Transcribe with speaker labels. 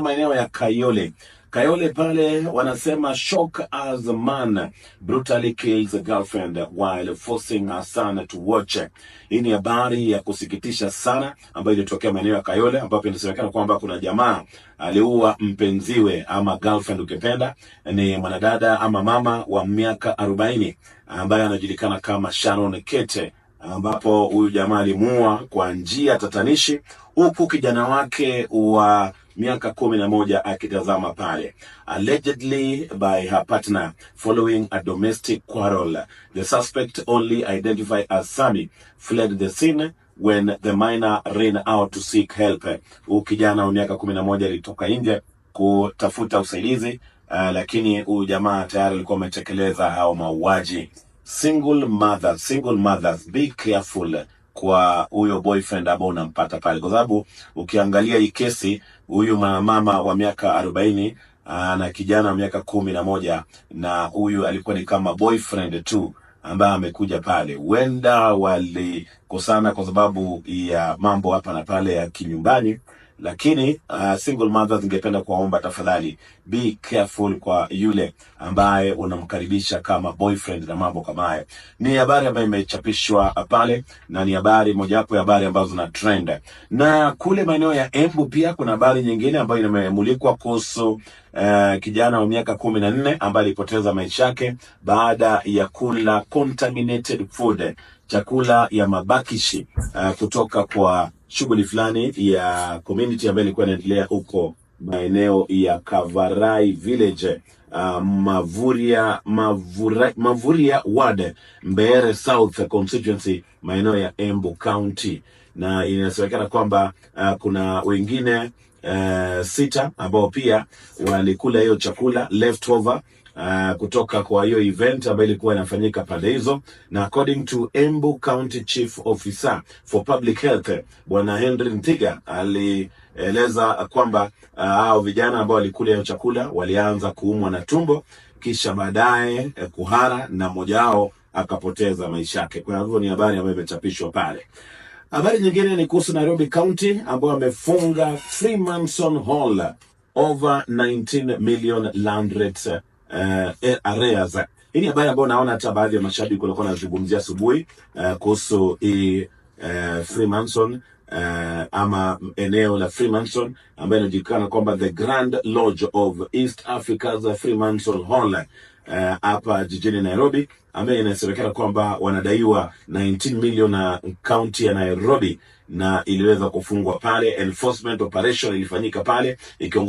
Speaker 1: maeneo ya Kayole. Kayole pale wanasema shock as a man brutally kills a girlfriend while forcing her son to watch. Hii ni habari ya kusikitisha sana ambayo ilitokea maeneo ya Kayole ambapo inasemekana kwamba kuna jamaa aliua mpenziwe ama girlfriend ukipenda, ni mwanadada ama mama wa miaka 40 ambaye anajulikana kama Sharon Kete ambapo huyu jamaa alimuua kwa njia tatanishi, huku kijana wake wa miaka kumi na moja akitazama pale. Allegedly by her partner following a domestic quarrel. The suspect only identified as Sami fled the scene when the minor ran out to seek help. Huu kijana wa miaka kumi na moja alitoka nje kutafuta usaidizi uh, lakini huyu jamaa tayari alikuwa ametekeleza hao mauaji. Single mothers, single mothers, be careful kwa huyo boyfriend ambao unampata pale, kwa sababu ukiangalia hii kesi, huyu mama wa miaka arobaini ah, na kijana wa miaka kumi na moja na huyu alikuwa ni kama boyfriend tu ambaye amekuja pale, huenda walikosana kwa sababu ya mambo hapa na pale ya kinyumbani lakini uh, single mother ningependa kuwaomba tafadhali, be careful kwa yule ambaye unamkaribisha kama boyfriend na mambo kama hayo. Ni habari ambayo imechapishwa pale na ni habari mojawapo ya habari ambazo zina trend, na kule maeneo ya Embu pia kuna habari nyingine ambayo imemulikwa kuhusu Uh, kijana wa miaka kumi na nne ambaye alipoteza maisha yake baada ya kula contaminated food chakula ya mabakishi uh, kutoka kwa shughuli fulani ya community ambayo ilikuwa inaendelea huko maeneo ya Kavarai village uh, Mavuria, Mavura, Mavuria ward Mbeere South constituency maeneo ya Embu County, na inasemekana kwamba uh, kuna wengine uh, sita ambao pia walikula hiyo chakula leftover uh, kutoka kwa hiyo event ambayo ilikuwa inafanyika pande hizo, na according to Embu County Chief Officer for Public Health Bwana Henry Ntiga ali eleza kwamba uh, hao uh, vijana ambao walikula hiyo chakula walianza kuumwa na tumbo kisha baadaye eh, kuhara na mmoja wao akapoteza maisha yake. Kwa hivyo ni habari ambayo imechapishwa pale. Habari nyingine ni kuhusu Nairobi County ambayo amefunga Freemason Hall over 19 million land rates uh, eh, eh, areas. Hii ni habari ambayo naona hata baadhi ya mashabiki walikuwa wanazungumzia asubuhi uh, kuhusu hii uh, Freemason Uh, ama eneo la Freemason ambayo inajulikana kwamba the Grand Lodge of East Africa's Freemason Hall hapa uh, jijini Nairobi, ambayo inasemekana kwamba wanadaiwa 19 million na kaunti ya Nairobi, na iliweza kufungwa pale. Enforcement operation ilifanyika pale ikiongo